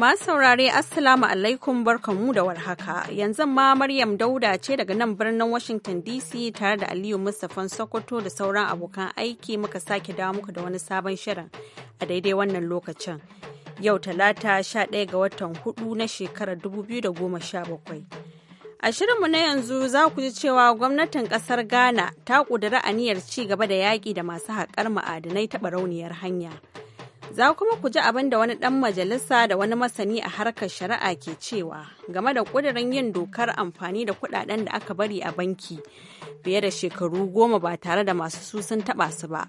Masu saurare Assalamu alaikum barkanmu da warhaka. Yanzu ma Maryam Dauda ce daga nan birnin Washington DC tare da Aliyu Mustapha Sokoto da sauran abokan aiki muka sake dawo muku da wani sabon shirin a daidai wannan lokacin. Yau talata 11 ga watan hudu na shekarar 2017. A shirinmu na yanzu za ku ji cewa gwamnatin kasar Ghana ta ƙudiri aniyar ci gaba da yaƙi da masu haƙar ma'adanai ta barauniyar hanya. Za kuma ku ji abin da wani ɗan majalisa da wani masani a harkar shari'a ke cewa game da ƙudurin yin dokar amfani da kuɗaɗen da aka bari a banki fiye da shekaru goma ba tare da masu su sun taɓa su ba.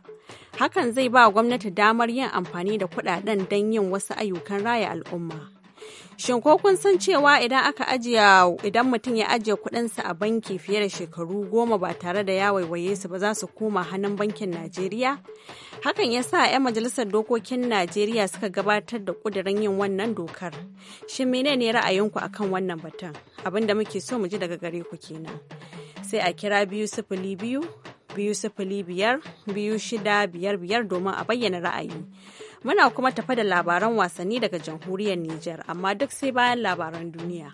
Hakan zai ba gwamnati damar yin amfani da kuɗaɗen don yin wasu ayyukan raya al'umma. Shin ko kun san cewa idan aka ajiye idan mutum ya ajiye kuɗinsa a banki fiye da shekaru goma ba tare da ya waiwaye su ba za su koma hannun bankin Najeriya? Hakan ya sa 'yan majalisar dokokin Najeriya suka gabatar da ƙudirin yin wannan dokar. Shin menene ra'ayinku akan wannan batun? Abin da muke so mu ji daga gare ku kenan. Sai a kira biyu sifili biyu, biyu sifili biyar, biyu shida biyar biyar domin a bayyana ra'ayi. Muna kuma tafa da labaran wasanni daga jamhuriyar Nijar, amma duk sai bayan labaran duniya.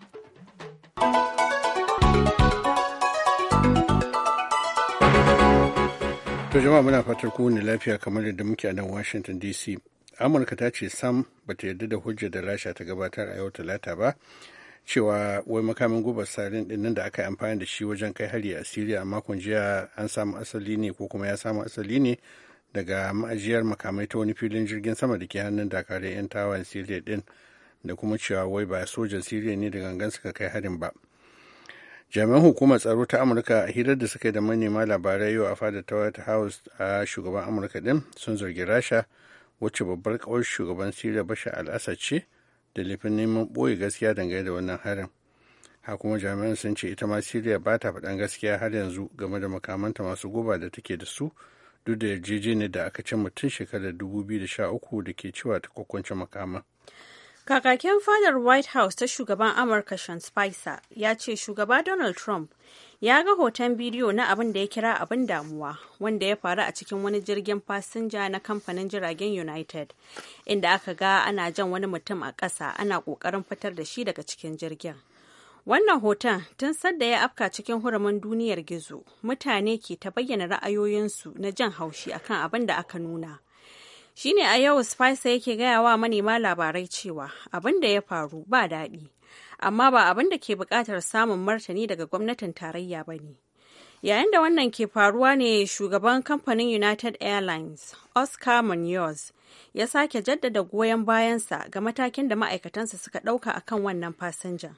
To jama'a muna fatar kowane lafiya kamar yadda muke a nan Washington DC. Amurka ta ce Sam ba ta yarda da hujjar da Rasha ta gabatar a yau Talata ba cewa wai makamin gubar sarin din nan da aka yi amfani da shi wajen kai hari a Siriya a makon jiya an samu asali ne ko kuma ya samu asali ne daga ma'ajiyar makamai ta wani filin jirgin sama da ke hannun dakarun 'yan tawayen siriya din da kuma cewa wai ba sojan siriya ne da gangan suka kai harin ba jami'an hukumar tsaro ta amurka a hirar da suka yi da manema labarai yau a fadar ta white house a shugaban amurka din sun zargi rasha wacce babbar kawar shugaban siriya bashar al ce da laifin neman ɓoye gaskiya dangane da wannan harin ha kuma jami'an sun ce ita ma siriya ba ta faɗan gaskiya har yanzu game da makamanta masu guba da take da su duk da yarjejeniyar da aka cimma tun shekarar 2013 da ke cewa ta kwakwance makama. Kakakin fadar White House ta shugaban Amurka Sean Spicer ya ce shugaba Donald Trump ya ga hoton bidiyo na abin da ya kira abin damuwa wanda ya faru a cikin wani jirgin fasinja na kamfanin jiragen United inda aka ga ana jan wani mutum a ƙasa ana ƙoƙarin fitar da shi daga cikin jirgin. Wannan hoton tun sadda ya afka cikin hurumin duniyar gizo, mutane ke ta bayyana ra'ayoyinsu na jan haushi akan abin da aka nuna. Shi ne a yau Spicer yake gaya wa manema labarai cewa abin da ya faru ba daɗi, amma ba abin da ke buƙatar samun martani daga gwamnatin tarayya ba ne. Yayin da wannan ke faruwa ne shugaban kamfanin United Airlines, Oscar Munoz, ya sake jaddada goyon bayansa ga matakin da ma'aikatansa suka ɗauka akan wannan fasinjan.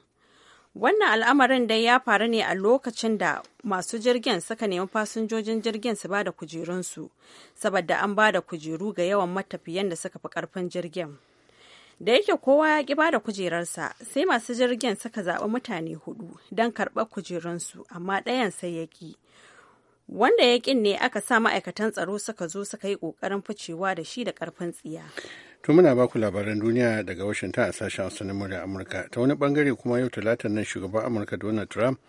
Wannan al'amarin dai ya faru ne a lokacin da masu jirgin suka nemi fasinjojin jirgin su bada kujerunsu, saboda an bada kujeru ga yawan matafiyan da suka fi karfin jirgin. Da yake kowa ya ƙi bada kujerarsa, sai masu jirgin suka zaɓi mutane hudu don karɓar kujerunsu, amma ɗayan sai ya ƙi. Wanda ya ne aka sa ma'aikatan tsaro suka zo suka yi ƙoƙarin ficewa da shi da ƙarfin tsiya. To muna baku labaran duniya daga Washington a sashen Hausa murya Amurka. Ta wani bangare kuma yau talatan nan shugaban Amurka Donald Trump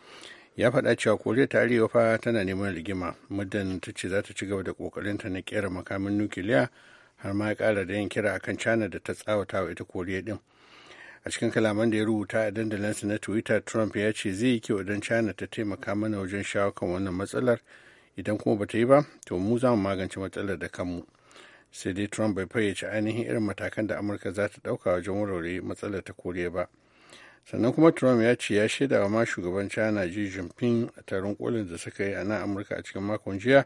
ya faɗa cewa Koriya ta Arewa fa tana neman rigima muddin ta ce za ta ci gaba da ta na kera makamin nukiliya har ma ya kara da yin kira akan China da ta tsawata wa ita Koriya din. A cikin kalaman da ya rubuta a dandalinsa na Twitter, Trump ya ce zai yi kyau idan China ta taimaka mana wajen shawo kan wannan matsalar idan kuma ba ta yi ba to mu za mu magance matsalar da kanmu. sai dai trump bai fayyace ainihin irin matakan da amurka za ta ɗauka wajen warware matsalar ta koriya ba sannan kuma trump ya ce ya shaida wa ma shugaban china ji jinping a taron kolin da suka yi a nan amurka a cikin makon jiya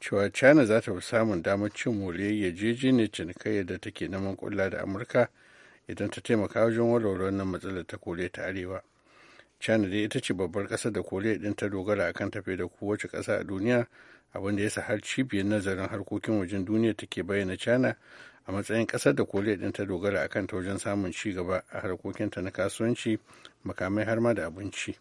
cewa china za ta fi samun damar cin moriyayyar ne cinikayyar da take neman kulla da amurka idan ta taimaka wajen warware wannan matsalar ta koriya ta arewa china dai ita ce babbar ƙasar da koriya din ta dogara akan tafe da kowace kasa a duniya abinda ya sa cibiyar nazarin harkokin wajen duniya take bayyana china a matsayin kasar da koriya din ta dogara akan ta wajen samun ci gaba a harkokinta na kasuwanci makamai har ma da abinci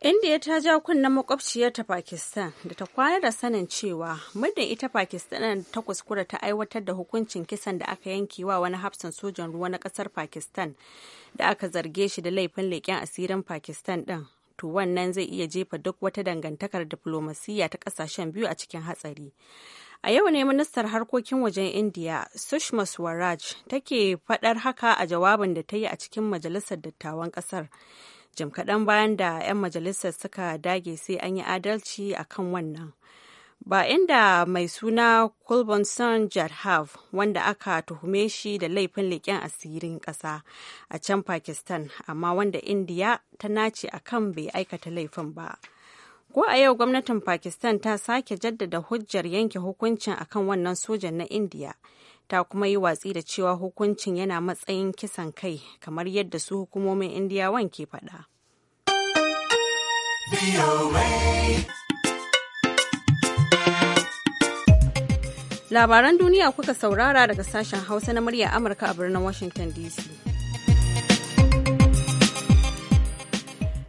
indiya ta ja kunnen makwabciyarta pakistan da ta kwana da sanin cewa muddin ita pakistan ta kuskura ta aiwatar da hukuncin kisan da aka yanke wa wani hafsan sojan ruwa na kasar pakistan da aka zarge shi da laifin leƙen asirin pakistan ɗin to wannan zai iya jefa duk wata dangantakar diflomasiyya ta kasashen biyu a cikin hatsari. A yau ne ministar harkokin wajen India Sushma Swaraj take faɗar haka a jawabin da ta yi a cikin majalisar dattawan kasar. Jim kaɗan bayan da 'yan majalisar suka dage sai an yi adalci a kan wannan. ba inda mai suna Kulbonson Jadhav wanda aka tuhume shi da laifin leƙen asirin ƙasa a can Pakistan, amma wanda India ta nace a kan bai aikata laifin ba. Ko a yau gwamnatin Pakistan ta sake jaddada hujjar yanke hukuncin akan wannan sojan na India Ta kuma yi watsi da cewa hukuncin yana matsayin kisan kai kamar yadda su hukumomin Indiyawan ke faɗa. Labaran duniya kuka saurara daga sashen Hausa na murya Amurka a birnin Washington DC.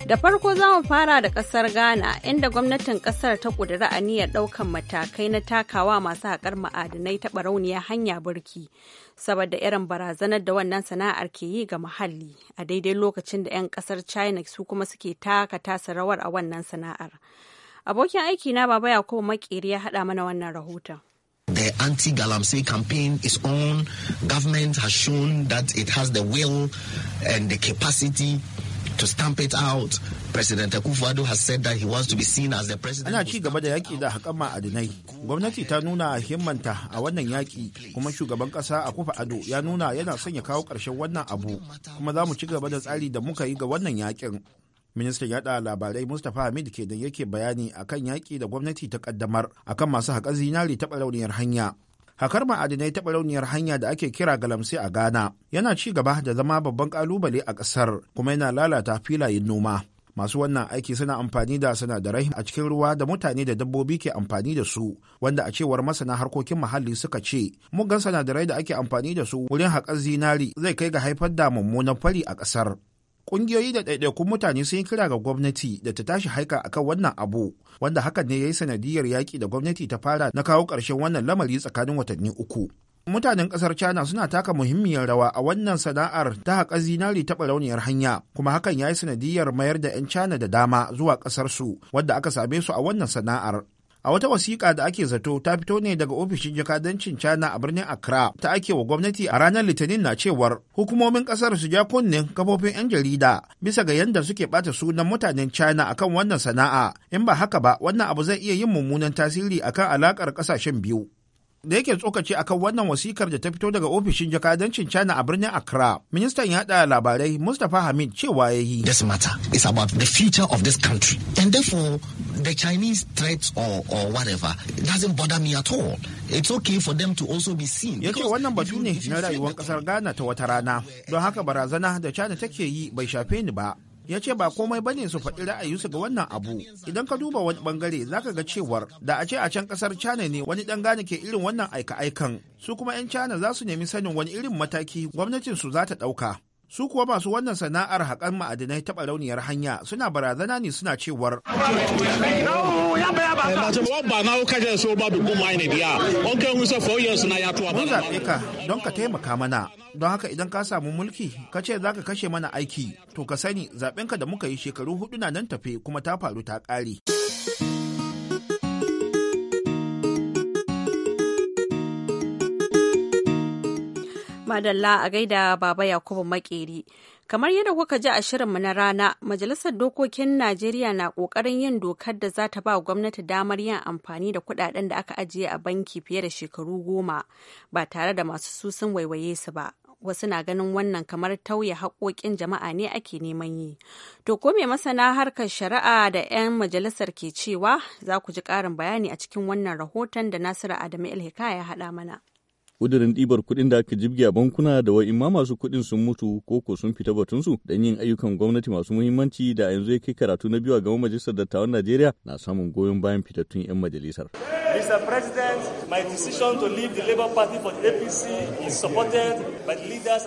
Da farko za mu fara da kasar Ghana inda gwamnatin kasar ta ƙudiri aniyar ɗaukan matakai na takawa masu haƙar ma'adinai ta barauniya hanya burki saboda irin barazanar da wannan sana'ar ke yi ga muhalli a daidai lokacin da 'yan kasar China su kuma suke taka tasa rawar a wannan sana'ar. Abokin aiki na Baba Yakubu makiri ya haɗa mana wannan rahoton. anti-galamsey campaign is on. Government has shown that it has the will and the capacity to stamp it out. President Akufo-Addo has said that he wants to be seen as the president. Ana ci gaba da yaki da haƙan ma'adinai. Gwamnati ta nuna himmanta a wannan yaki kuma shugaban ƙasa akufo ado ya nuna yana son ya kawo ƙarshen wannan abu kuma za mu ci gaba da tsari da muka yi ga wannan yakin ministan yada labarai mustapha hamid ke da yake bayani akan yaƙi da gwamnati ta kaddamar akan masu haƙar zinari ta rauniyar hanya hakar ma'adinai taɓa rauniyar hanya da ake kira galamse a ghana yana ci gaba da zama babban ƙalubale a ƙasar kuma yana lalata filayen noma masu wannan aiki suna amfani da sinadarai a cikin ruwa da mutane da dabbobi ke amfani da su wanda a cewar masana harkokin muhalli suka ce mugan sinadarai da ake amfani da su wurin haƙar zinari zai kai ga haifar da mummunan fari a ƙasar Ƙungiyoyi da ɗaiɗaikun mutane sun yi kira ga gwamnati da ta tashi haika akan wannan abu, wanda hakan ne ya yi sanadiyar yaƙi da gwamnati ta fara na kawo ƙarshen wannan lamari tsakanin watanni uku. mutanen ƙasar china suna taka muhimmiyar rawa a wannan sana'ar ta haƙa zinari ta barauniyar hanya kuma hakan ya yi sanadiyar mayar da 'yan china da dama zuwa ƙasarsu wadda aka same su a wannan sana'ar a wata wasiƙa da ake zato ta fito ne daga ofishin jakadancin China a birnin Accra ta ake wa gwamnati a ranar Litinin na cewar hukumomin ƙasar su ja kunnen kafofin 'yan jarida bisa ga yadda suke ɓata sunan mutanen China akan wannan sana'a in ba haka ba wannan abu zai iya yin mummunan tasiri akan alaƙar ƙasashen biyu. da yake tsokaci akan wannan wasikar da ta fito daga ofishin jakadancin China a birnin Accra. Ministan yada labarai Mustapha Hamid cewa ya yi. This matter is about the future of this country and therefore the Chinese threats or, or whatever it doesn't bother me at all. It's okay for them to also be seen. Yake wannan batu ne na rayuwar kasar Ghana ta wata rana don haka barazana da China take yi bai shafe ni ba. ya ce ba komai bane su faɗi ra'ayinsu ga wannan abu idan ka duba wani bangare ka ga cewar da a ce a can kasar china ne wani dan gane ke irin wannan aika-aikan su kuma 'yan china za su nemi sanin wani irin mataki gwamnatin su za ta ɗauka su kuwa masu wannan sana'ar haƙan ma'adinai ta rauniyar hanya suna barazana ne suna cewar mun zaɓe ka don ka taimaka mana don haka idan ka samu mulki ka ce za ka kashe mana aiki to ka sani zaɓenka da muka yi shekaru hudu na nan tafe kuma ta faru ta ƙare. Madalla a gaida Baba Yakubu Makeri. Kamar yadda kuka ji a shirinmu na rana, Majalisar Dokokin Najeriya na ƙoƙarin yin dokar da za ta ba gwamnati damar yin amfani da kuɗaɗen da aka ajiye a banki fiye da shekaru goma ba tare da masu susun waiwaye su ba. Wasu na ganin wannan kamar tauye haƙoƙin jama'a ne ake neman yi. To ko mai masana harkar shari'a da 'yan majalisar ke cewa za ku ji ƙarin bayani a cikin wannan rahoton da Nasiru Adamu Ilhika ya haɗa mana. kudirin ɗibar kuɗin da aka jibge a bankuna da wa'in ma masu kuɗin sun mutu ko ko sun fita batunsu don yin ayyukan gwamnati masu muhimmanci da a yanzu ya kai karatu na biyu a gaban majalisar dattawan Najeriya na samun goyon bayan fitattun 'yan majalisar. Mr. President, my decision to leave the Labour Party for APC is supported by the leaders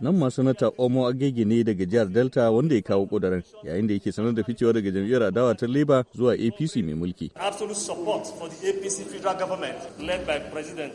Nan ma sanata Omo Agege ne daga jihar Delta wanda ya kawo kudirin yayin da yake sanar da ficewa daga jam'iyyar adawa ta Labour zuwa APC mai mulki. Absolute support for the APC federal government led by President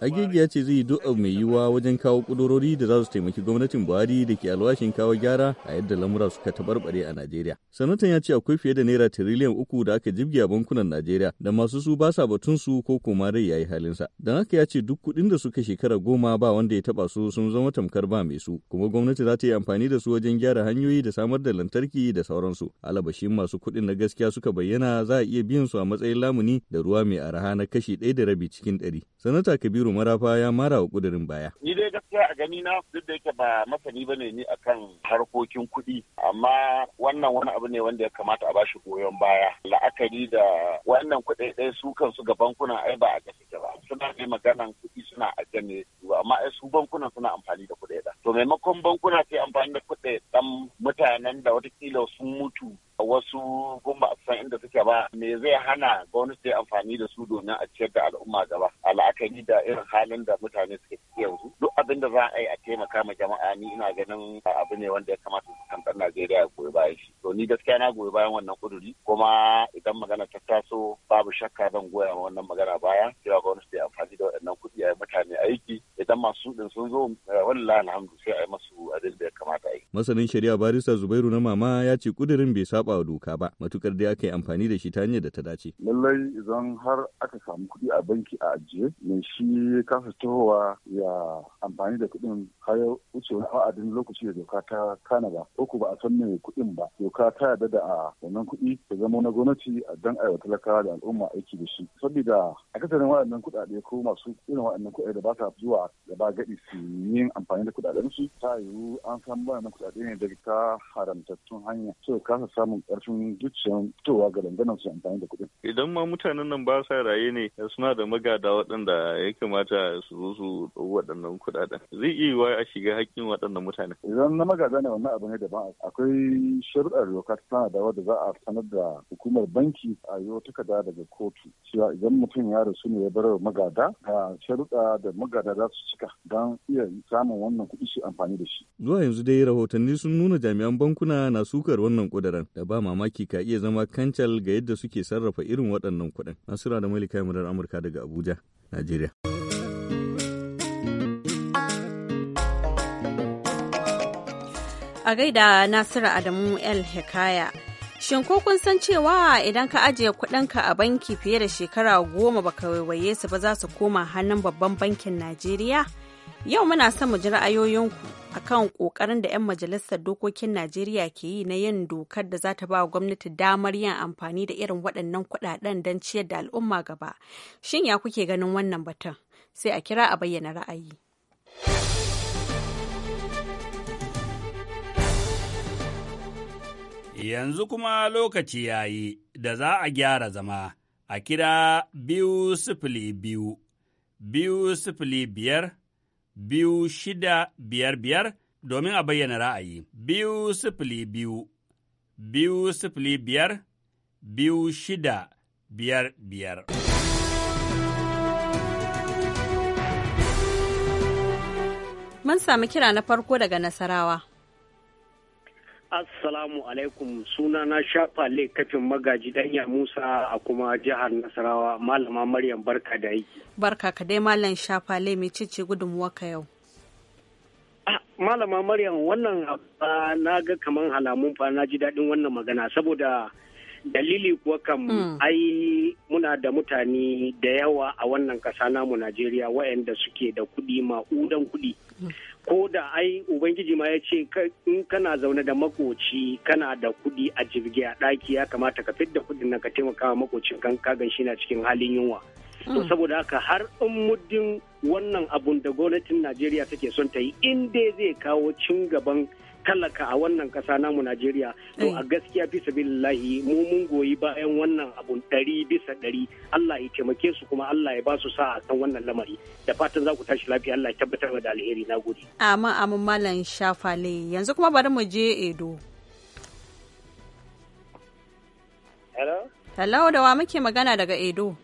Agege ya ce zai yi dua mai yiwuwa wajen kawo kudurori da za su taimaki gwamnatin Buhari da ke alwashin kawo gyara a yadda lamura suka tabarbare a Najeriya. Sanatan ya ce akwai fiye da naira tiriliyan uku da aka jibge a bankunan Najeriya da masu su ba sa batun su ko koma rai ya yi halinsa. Don haka ya ce duk kuɗin da suka shekara goma ba wanda ya taba su sun zama tamkar ba mai su kuma gwamnati za ta yi amfani da su wajen gyara hanyoyi da samar da lantarki da sauransu. Alabashin masu kuɗin na gaskiya suka bayyana za a iya biyan su a matsayin lamuni da ruwa mai araha na kashi ɗaya da rabi cikin ɗari. Sanata Kabiru Marafa ya mara wa kudirin baya. Ni dai gaskiya a gani na duk da yake ba masani bane ni akan harkokin kuɗi amma wannan wani abu ne wanda ya kamata a bashi goyon baya. La'akari da wannan kuɗi ɗaya su kansu ga bankuna ai ba a gaske ba. Suna ne maganan kuɗi suna ajiye ne amma ai su bankuna suna amfani da kuɗi da. To maimakon bankuna sai amfani da kuɗi dan mutanen da watakila sun mutu wasu gumba ba a san inda suke ba me zai hana gwamnati amfani da su domin a ciyar da al'umma gaba al'akari la'akari da irin halin da mutane suke ciki yanzu duk abin da za a yi a taimaka ma jama'a ni ina ganin abu ne wanda ya kamata su kankan Najeriya ya goyi bayan shi to ni gaskiya na goyi bayan wannan kuduri kuma idan magana ta taso babu shakka zan goya ma wannan magana baya cewa gwamnati ta amfani da waɗannan kuɗi a mutane aiki idan masu suɗin sun zo eh, wallahi alhamdu sai a yi masu masanin shari'a barista zubairu na mama ya ce kudirin bai saba wa doka ba matukar dai aka yi amfani da shi ta hanyar da ta dace lallai idan har aka samu kuɗi a banki a ajiye ne shi kasa tohowa ya amfani da kuɗin har wuce wani wa'adin lokaci da doka ta kana ba ko ba a san mai kuɗin ba doka ta yarda da a ah, wannan kuɗi da zama na gwamnati a don aiwa talakawa da al'umma aiki da shi saboda kasarin waɗannan kuɗaɗe ko masu irin waɗannan kuɗaɗe da ba sa zuwa gaba gaɗi su yin amfani da kuɗaɗen su ta yiwu an san waɗannan kuɗaɗe ne daga ta haramtattun hanya so kasa samun ƙarfin zuciyan fitowa ga danganan su amfani da kuɗin. idan ma mutanen nan ba sa raye ne suna da magada waɗanda ya kamata su zo su waɗannan kuɗaɗen zai iya kawai a shiga hakkin waɗannan mutane. Idan na magaza ne wannan abu ne da daban akwai sharuɗar doka ta sanar da wadda za a sanar da hukumar banki a wata takarda daga kotu cewa idan mutum ya rasu ne ya bar magada ga sharuɗa da magada za su cika don iya samun wannan kuɗi su amfani da shi. Zuwa yanzu dai rahotanni sun nuna jami'an bankuna na sukar wannan kudaran da ba mamaki ka iya zama kancal ga yadda suke sarrafa irin waɗannan kuɗin. Nasura da Malika Yamurar Amurka daga Abuja, Najeriya. A gaida Nasiru Adamu El Hekaya. Shin ko kun san cewa idan ka ajiye kuɗinka a banki fiye da shekara goma baka waiwaye su ba za su koma hannun babban bankin Najeriya? Yau muna son mu ji ra'ayoyinku akan ƙoƙarin da 'yan majalisar dokokin Najeriya ke yi na yin dokar da za ta ba gwamnati damar yin amfani da irin waɗannan kuɗaɗen don ciyar da al'umma gaba. Shin ya kuke ganin wannan batun? Sai a kira a bayyana ra'ayi. Yanzu kuma lokaci ya yi da za a gyara zama a kira biyu sifili biyu, biyu sifili biyar, biyu shida biyar biyar domin a bayyana ra'ayi. Biyu sifili biyu, biyu sifili biyar, biyu shida biyar biyar. Mun sami kira na farko daga Nasarawa. Assalamu alaikum suna na shafale kafin magaji danya Musa a kuma jihar Nasarawa malama Maryam barka da yi. Barka ka dai malam shafa lai mai cice ka yau. Ah, malama Maryam wannan ah, na ga kaman halamun fa na ji daɗin wannan magana saboda dalili kuwa kam hmm. ai muna da mutane da yawa a wannan ƙasa namu Najeriya waɗanda suke da kuɗi ma'udan kuɗi. Hmm. ko da ai ubangiji ma ya ce in kana zaune da makoci kana da kudi a jirgi a ɗaki ya kamata ka fidda kudin nan ka taimaka wa makocin kan kagan shi na cikin halin yunwa to hmm. saboda haka har in muddin wannan abun da gwamnatin najeriya take son ta yi in dai zai kawo cin gaban talaka a wannan kasa namu Najeriya to eh. a gaskiya fi sabilillahi mu mun goyi bayan wannan abun ɗari bisa ɗari Allah ya taimake su kuma Allah ya ba su sa a kan wannan lamari da fatan za ku tashi lafiya Allah ya tabbatar da alheri na gode amma amin malam shafale yanzu kuma bari mu je Edo Hello Hello da wa muke magana daga Edo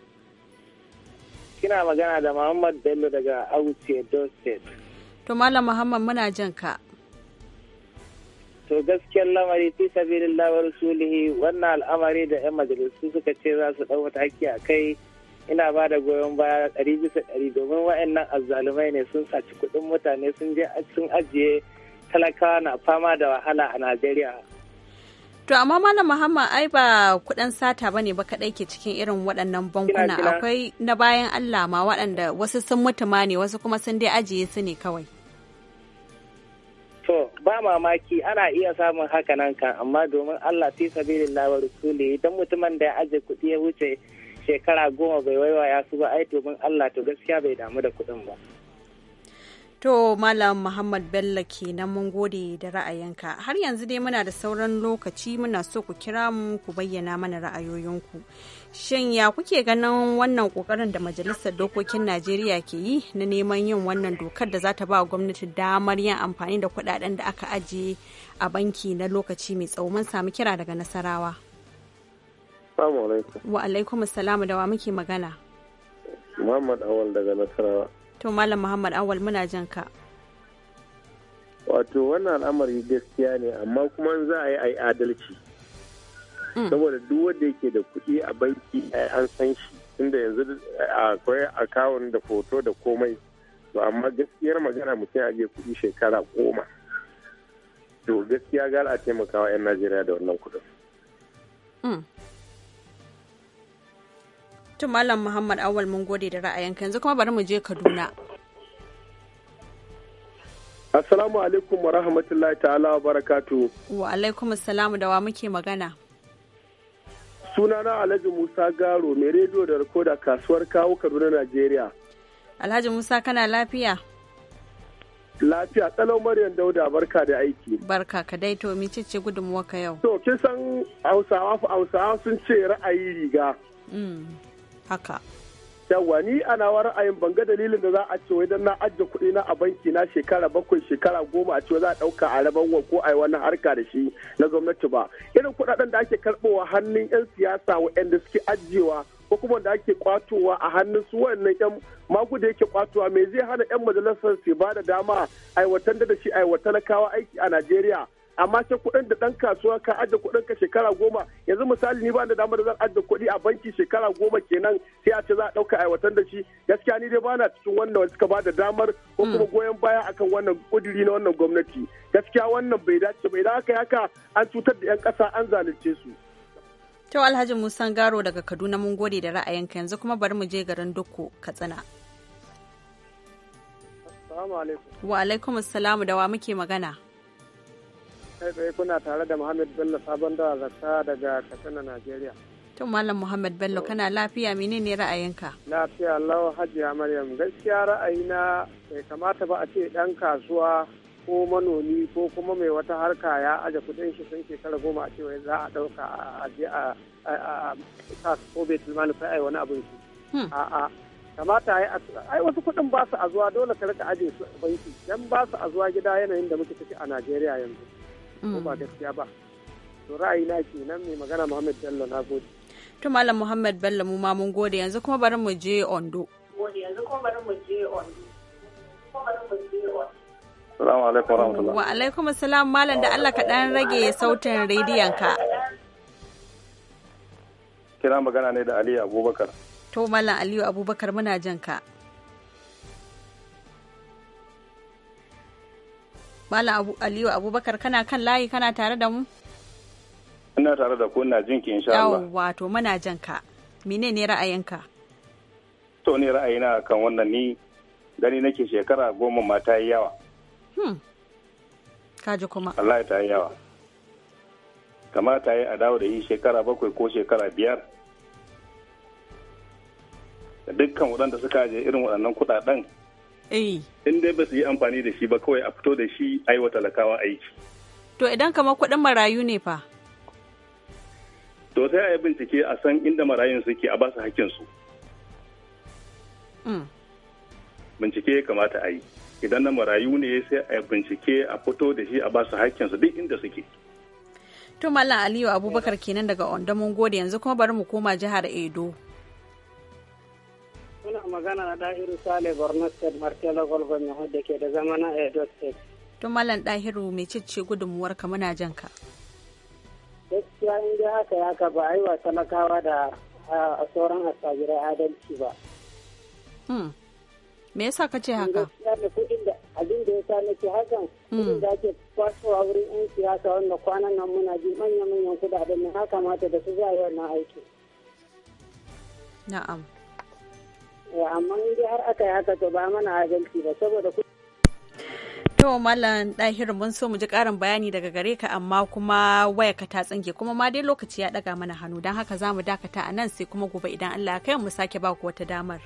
Kina magana da Muhammad Bello daga Auce Edo State To Malam Muhammad muna jin ka to gaskiyar lamari fi sabilillah wa sulihi wannan al'amari da yan majalisu suka ce za su dau mataki a kai ina ba da goyon baya ɗari bisa ɗari domin wa'annan azzalumai ne sun saci kuɗin mutane sun je sun ajiye talakawa na fama da wahala a najeriya To amma Malam Muhammad ai ba kuɗin sata bane ba kaɗai ke cikin irin waɗannan bankuna akwai na bayan Allah ma waɗanda wasu sun mutu ma ne wasu kuma sun dai ajiye su ne kawai. To, ba mamaki ana iya samun haka nan kan, amma domin Allah fi sabirin lawar rasuli idan mutumin da ya aje kuɗi ya wuce shekara goma bai ya su ba ai domin Allah to gaskiya bai damu da kuɗin ba. To Malam Muhammad Bello kenan mun gode da ra'ayinka. Har yanzu dai muna da sauran lokaci muna so ku kira mu ku bayyana mana ra'ayoyinku. Shin ya kuke ganin wannan kokarin da Majalisar Dokokin Najeriya ke yi na neman yin wannan dokar da za ta ba gwamnati damar yin amfani da kuɗaɗen da aka ajiye a banki na lokaci mai tsawo mun samu kira daga Nasarawa. Wa alaikum salamu da wa muke magana. Muhammad Awal daga Nasarawa. to malam muhammad awal muna jan ka wato wannan al'amari gaskiya ne amma kuma za a yi a yi adalci mm. saboda duk wanda yake da kuɗi a banki eh, an san shi inda yanzu eh, akwai akawun da foto da komai to amma gaskiyar magana mutum ajiye kuɗi shekara goma to gaskiya gara a taimakawa 'yan najeriya da wannan kuɗin mm. to Malam Muhammad Awal mun gode da ra'ayinka yanzu kuma bari mu je Kaduna. Assalamu alaikum wa rahmatullahi ta'ala wa barakatu. Wa alaikum assalamu da wa muke magana. Sunana Alhaji Musa Garo mai rediyo da rikoda kasuwar kawo Kaduna Najeriya. Alhaji Musa kana lafiya? Lafiya tsalon Maryam Dauda barka da aiki. Barka ka dai to mice ce gudunmuwa ka yau. To kin san Hausawa Hausawa sun ce ra'ayi riga. Mm. haka yawa ni ana nawa ra'ayin banga dalilin da za a ce idan na ajiye kuɗi na a banki na shekara bakwai shekara goma a ce za a ɗauka a rabon wa ko a yi wannan harka da shi na gwamnati ba irin kuɗaɗen da ake karɓowa hannun 'yan siyasa waɗanda suke ajiyewa ko kuma da ake kwatowa a hannun su wannan yan magu da yake kwatowa me zai hana yan majalisar su ba da dama aiwatar da shi aiwatar kawa aiki a Najeriya amma sai kuɗin da ɗan kasuwa ka ajiye kuɗin ka shekara goma yanzu misali ni ba da damar zan ajiye kuɗi a banki shekara goma kenan sai a ce za a ɗauka aiwatar da shi gaskiya ni dai bana cikin wannan suka ba da damar ko kuma mm. goyon baya akan wannan kuduri na wannan gwamnati gaskiya wannan bai dace bai da haka haka an cutar da 'yan ƙasa an zalunce su. To Alhaji Musa Garo daga Kaduna mun gode da ra'ayinka yanzu kuma bari mu je garin Dukko Katsina. Wa alaikum da wa muke magana. kai tsaye kuna tare da Muhammad Bello sabon da zakka daga Katsina Najeriya. Tun mallam Muhammad Bello kana lafiya menene ra'ayinka? Lafiya Allah Hajiya Maryam gaskiya ra'ayina bai kamata ba a ce dan kasuwa ko manomi ko kuma mai wata harka ya aje kudin shi sun shekara goma a cewa za a dauka a je a a ko bai tilmani sai ai wani abin shi. A'a hmm. kamata ai ai wasu kudin ba su a zuwa dole ka rika aje su a banki dan ba su a zuwa gida yanayin da muke tafi a Najeriya yanzu. ko ba mm. gaskiya ba to ra'ayi ke nan mai magana Muhammad Bello na gode to malam Muhammad Bello mu ma mun gode yanzu kuma bari mu je Ondo wa alaikum salam malam da Allah ka dan rage sautin rediyon ka kira magana ne da Aliyu Abubakar to malam Aliyu Abubakar muna jan ka Bala Abu, Aliyu Abubakar kana kan layi kana tare da mu? Ina tare da ku ina jinki insha Allah. Yawwa to muna jan ka. Mene ne ra'ayinka? To ne ra'ayina kan wannan ni gani nake shekara goma ma ta yi yawa. Hmm. Kaji kuma. Allah ta yi yawa. Kamata yi a dawo da yi shekara bakwai ko shekara biyar. dukkan waɗanda suka je irin waɗannan kuɗaɗen Eh. in dai ba su yi amfani da shi ba kawai a fito da shi aiwa wa talakawa aiki to idan kamar kuɗin marayu ne fa to sai a yi bincike a san inda marayun suke a ba su hakkinsu mm. bincike ya kamata a yi idan na marayu ne sai a yi bincike a fito da shi a ba su hakkinsu duk inda suke to mallam aliyu abubakar kenan daga ondo mun gode yanzu kuma bari mu koma jihar edo magana na Dahiru Sale Borno State Martelo mai da ke da zama na Edo State. Tun Malam ɗahiru mai cicce gudunmuwar ka muna jan ka. Gaskiya in dai haka ya ka ba a yi wa talakawa da a sauran attajirai adalci ba. Hmm. Me yasa ka ce haka? abin da ya sa nake hakan hmm. kuɗin da ake kwasowa wurin 'yan siyasa wanda kwanan nan muna ji manya-manyan kuɗaɗen na mata da su za a yi wannan aiki. Na'am. amma har aka yi haka to ba mana adalci ba saboda To Malam Ɗahir mun so mu ji ƙarin bayani daga gare ka amma kuma waya ka ta tsinke kuma ma dai lokaci ya ɗaga mana hannu don haka za mu dakata a nan sai kuma gobe idan Allah ya kai mu sake ba ku wata damar.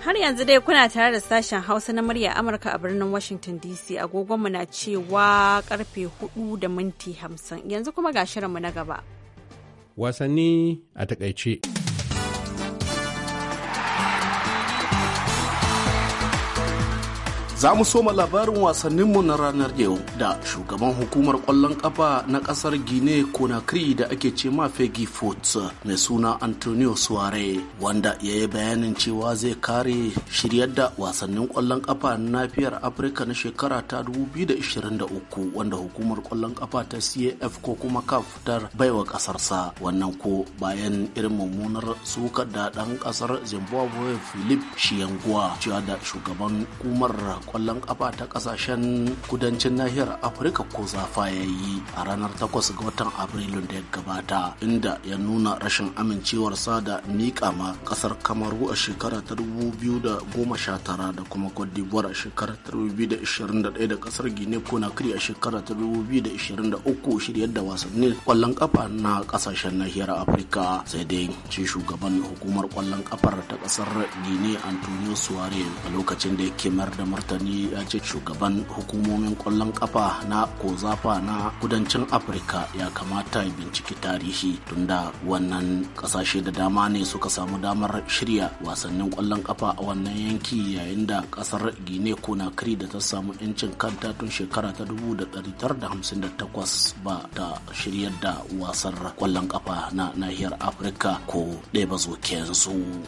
Har yanzu dai kuna tare da sashen Hausa na murya Amurka a birnin Washington DC agogonmu na cewa karfe 4 da minti 50 yanzu kuma ga shirinmu na gaba. wasanni a takaice. Za mu soma labarin wasanninmu na ranar yau da shugaban hukumar kwallon kafa na kasar Gine Conakry da ake ce ma Fegi Foot mai suna Antonio Suare wanda ya yi bayanin cewa zai kare shiryar da wasannin kwallon kafa na nafiyar Afirka na shekara ta 2023 wanda hukumar kwallon kafa ta CAF ko kuma CAF ta baiwa kasarsa wannan ko bayan irin mummunar sukar da dan kasar Zimbabwe Philip Shiyanguwa cewa da shugaban hukumar kwallon kafa ta kasashen kudancin nahiyar afirka ko zafa ya yi a ranar 8 ga watan abrilun da ya gabata inda ya nuna rashin amincewarsa da miƙa ma kasar kamaru a shekara ta 2019 da kuma kwadibuwar a shekara ta 2021 da kasar guinea conakry a shekara ta 2023 shiryar da wasannin kwallon kafa na kasashen nahiyar afirka sai dai shi shugaban hukumar kwallon kafar ta kasar guinea antonio suare a lokacin da ya mayar da martani sani ya ce shugaban hukumomin kwallon kafa na kozafa na kudancin afirka ya kamata ya binciki tarihi tunda wannan kasashe da dama ne suka samu damar shirya wasannin kwallon kafa a wannan yanki yayin da kasar gine conakry da ta samu 'yancin kanta tun shekara ta 1958 ba ta shiryar da wasar kwallon kafa na nahiyar afirka ko ɗaya ba zo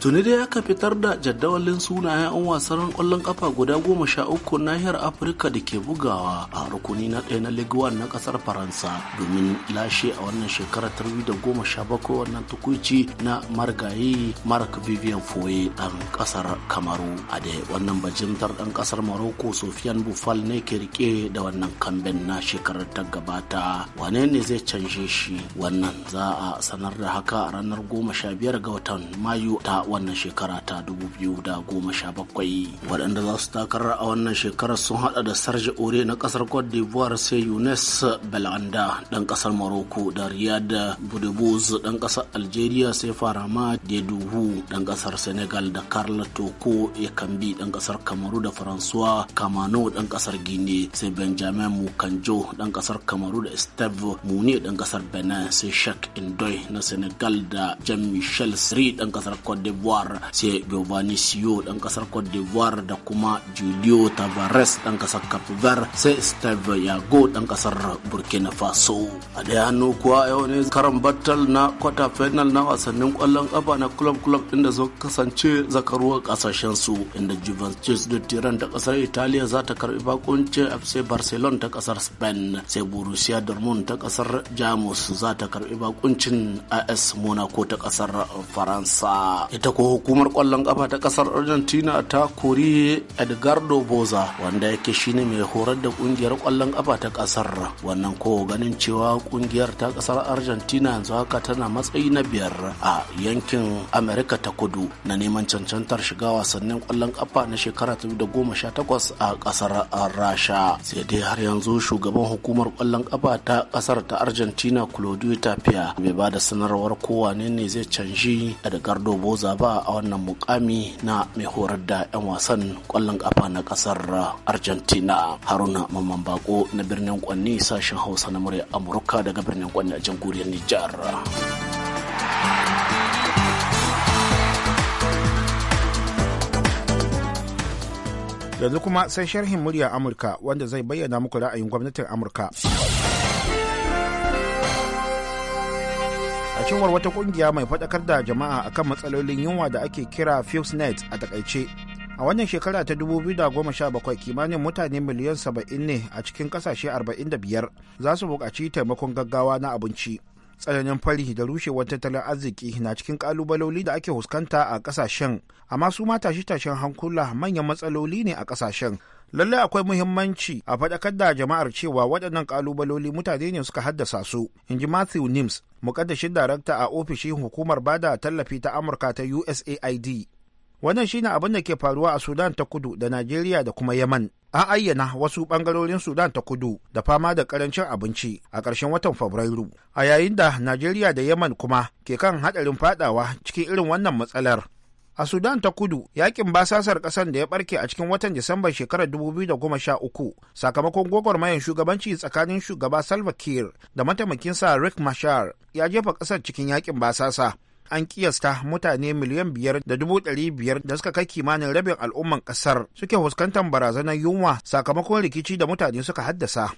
tuni dai aka fitar da jadawalin sunayen wasan kwallon kafa guda goma sha ta uku nahiyar afirka da ke bugawa a rukuni na ɗaya na ligue na ƙasar faransa domin lashe a wannan shekarar bakwai wannan tukuici na margayi mark vivian foye ɗan ƙasar kamaru a da wannan bajimtar ɗan ƙasar morocco sofian bufal ne ke rike da wannan kamben na shekarar ta gabata wane ne zai canje shi wannan za a sanar da haka a ranar goma sha biyar ga watan mayu ta wannan shekara ta dubu biyu da goma sha bakwai waɗanda za su takarar a wannan shekarar sun hada da Serge Ore na kasar Cote d'Ivoire sai Younes Belanda dan kasar Morocco da Riyad Budebuz dan kasar Algeria sai Farama Deduhu dan kasar Senegal da Karl Toko Ekambi dan kasar Kamaru da François Kamano dan kasar Guinea sai Benjamin Mukanjo dan kasar Kamaru da Steve Mune dan kasar Benin sai Shak Indoy na Senegal da Jean-Michel Sri dan kasar Cote d'Ivoire sai Giovanni Sio dan kasar Cote d'Ivoire da kuma Julio Tavares ɗan ƙasar Cape Verde sai Steve Yago ɗan ƙasar Burkina Faso. A da hannu kuwa yau ne karan battal na kwata final na wasannin kwallon ƙafa na club club inda zo kasance zakaruwa k'asashen su inda Juventus da Tiran da ƙasar Italiya za ta karbi bakuncin FC Barcelona ta kasar Spain sai Borussia Dortmund ta kasar Jamus za ta karbi bakuncin AS Monaco ta kasar Faransa. Ita ko hukumar kwallon ƙafa ta ƙasar Argentina ta kori Edgardo boza wanda yake shine mai horar da kungiyar kwallon kafa ta kasar wannan ko ganin cewa kungiyar ta kasar argentina yanzu haka tana matsayi na biyar a yankin america ta kudu na neman cancantar shiga wasannin kwallon kafa na shekara ta goma sha takwas a kasar rasha sai dai har yanzu shugaban hukumar kwallon kafa ta kasar ta argentina claudio tapia bai ba da sanarwar kowa ne zai canji da gardo boza ba a wannan mukami na mai horar da 'yan wasan kwallon kafa na kasar argentina haruna mamman bako na birnin kwanni sashen hausa na murya amurka daga birnin kwanni a jamhuriyar nijar yanzu kuma sai sharhin murya amurka wanda zai bayyana muku ra'ayin gwamnatin amurka a cewar wata kungiya mai faɗakar da jama'a akan matsalolin yunwa da ake kira fusenet a takaice a wannan shekara ta 2017 kimanin mutane miliyan 70 ne a cikin kasashe 45 za su buƙaci taimakon gaggawa na abinci tsananin fari da rushewar tattalin arziki na cikin kalubaloli da ake huskanta a kasashen amma su ma tashe-tashen hankula manyan matsaloli ne a kasashen lallai akwai muhimmanci a faɗakar da jama'ar cewa waɗannan kalubaloli mutane ne suka haddasa su in ji matthew nims mukaddashin darakta a ofishin hukumar bada tallafi ta amurka ta usaid wannan shine abin da ke faruwa a sudan ta kudu da najeriya da kuma yaman an ayyana wasu bangarorin sudan ta kudu da fama da karancin abinci a ƙarshen watan fabrairu a yayin da najeriya da yaman kuma ke kan hadarin fadawa cikin irin wannan matsalar a sudan ta kudu yakin basasar ƙasar da ya barke a cikin watan disamba shekarar 2013 sakamakon gwagwarmayar shugabanci tsakanin shugaba salva kiir da mataimakinsa rick mashar ya jefa ƙasar cikin yakin basasa an kiyasta mutane miliyan biyar da dubu ɗari biyar da suka kai kimanin rabin al'umman ƙasar suke fuskantar barazanar yunwa sakamakon rikici da mutane suka haddasa.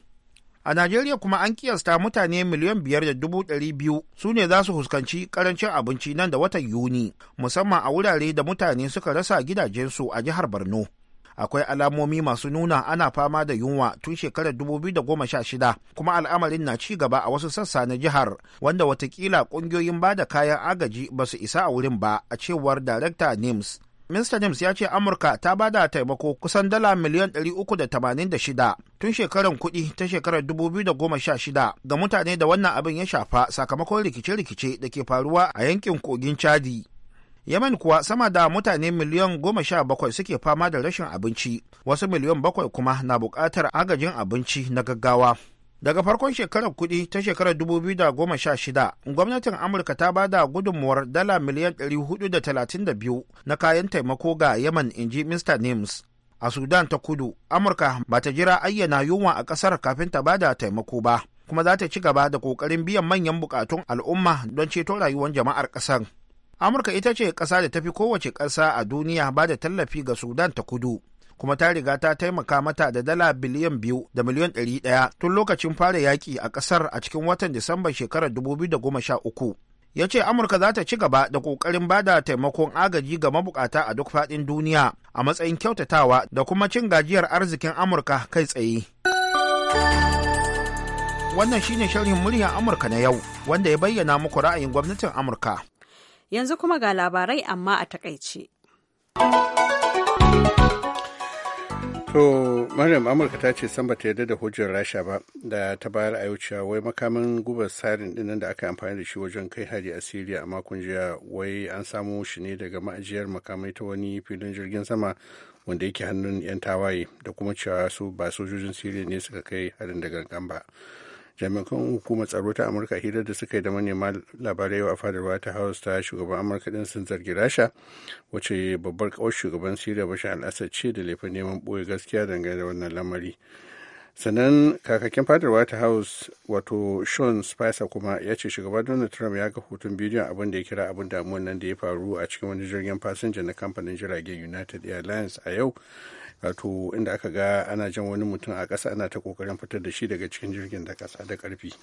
A Najeriya kuma an kiyasta mutane miliyan biyar da dubu ɗari biyu su ne za su fuskanci karancin abinci nan da watan Yuni, musamman a wurare da mutane suka rasa gidajensu a jihar Borno. akwai alamomi masu nuna ana fama da yunwa tun shekarar 2016 kuma al'amarin na ci gaba a wasu sassa na jihar wanda watakila kungiyoyin ba da kayan agaji ba su isa a wurin ba a cewar director nims Mr. James ya ce Amurka ta ba da taimako kusan dala miliyan 386 tun shekarar kuɗi ta shekarar 2016 ga mutane da wannan abin ya shafa sakamakon rikice-rikice da ke faruwa a yankin kogin Chadi. Yemen kuwa sama da mutane miliyan goma sha bakwai suke fama da rashin abinci, wasu miliyan bakwai kuma na buƙatar agajin abinci na gaggawa. Daga farkon shekarar kuɗi ta shekarar 2016, gwamnatin Amurka ta ba da gudunmuwar dala miliyan 432 na kayan taimako ga Yemen, ji Mr. Nims. A Sudan ta kudu, Amurka ba ta jira ayyana yunwa a ƙasar kafin ta ba da taimako ba, kuma za ta ci gaba da ƙoƙarin biyan manyan bukatun al'umma don ceto rayuwar jama'ar ƙasar. amurka ita ce ƙasa da tafi kowace ƙasa a duniya ba da tallafi ga sudan ta kudu kuma ta riga ta taimaka mata da dala biliyan biyu da miliyan ɗari ɗaya tun lokacin fara yaƙi a ƙasar a cikin watan disamban shekarar 2013 ya ce amurka za ta ci gaba da ƙoƙarin ba da taimakon agaji ga mabukata a duk faɗin duniya a matsayin kyautatawa da kuma cin gajiyar arzikin amurka kai tsaye wannan shine sharhin muryar amurka na yau wanda ya bayyana muku ra'ayin gwamnatin amurka Yanzu kuma ga labarai amma a takaice. To, Maryam Amurka ta ce san bata yarda da hujjar Rasha ba da ta bayar a cewa wai makamin gubar sarin dinnan da aka amfani da shi wajen kai hari a Siriya a makon jiya wai an samo shi ne daga ma'ajiyar makamai ta wani filin jirgin sama wanda yake hannun 'yan tawaye da kuma cewa su ba sojojin Siriya ne suka kai harin da gangan ba. jami'an hukumar tsaro ta amurka hirar da suka yi da manema labarai a fadar white house ta shugaban amurka din sun zargi rasha wace babbar kawar shugaban siriya bashar al-assad ce da laifin neman boye gaskiya dangane da wannan lamari sannan kakakin fadar white house wato sean spicer kuma ya ce shugaban donald trump ya ga hoton bidiyon abin da ya kira abin damuwan nan da ya faru a cikin wani jirgin fasinja na kamfanin jiragen united airlines a yau wato inda aka ga ana jan wani mutum a ƙasa ana ta kokarin fitar da shi daga cikin jirgin da ƙasa da ƙarfi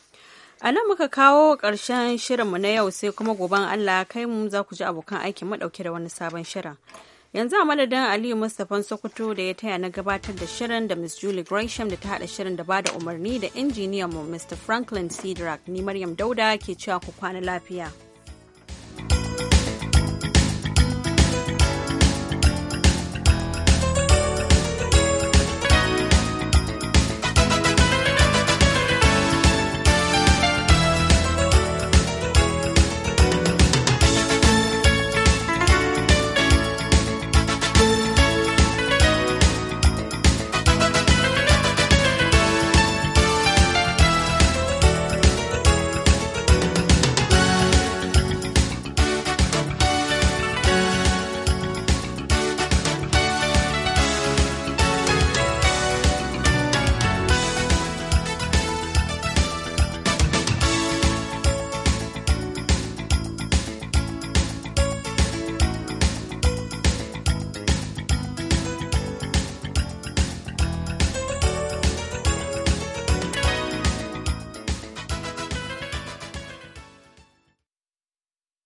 A nan muka kawo ƙarshen shirinmu na yau sai kuma goben Allah kai mu za ku ji abokan aikin mu ɗauke da wani sabon shirin. Yanzu a madadin Aliyu Mustapha Sokoto da ya taya na gabatar da shirin da Miss Julie Gresham da ta haɗa shirin da bada umarni da injiniyan mu Mr. Franklin Cedric ni Maryam Dauda ke cewa ku kwana lafiya.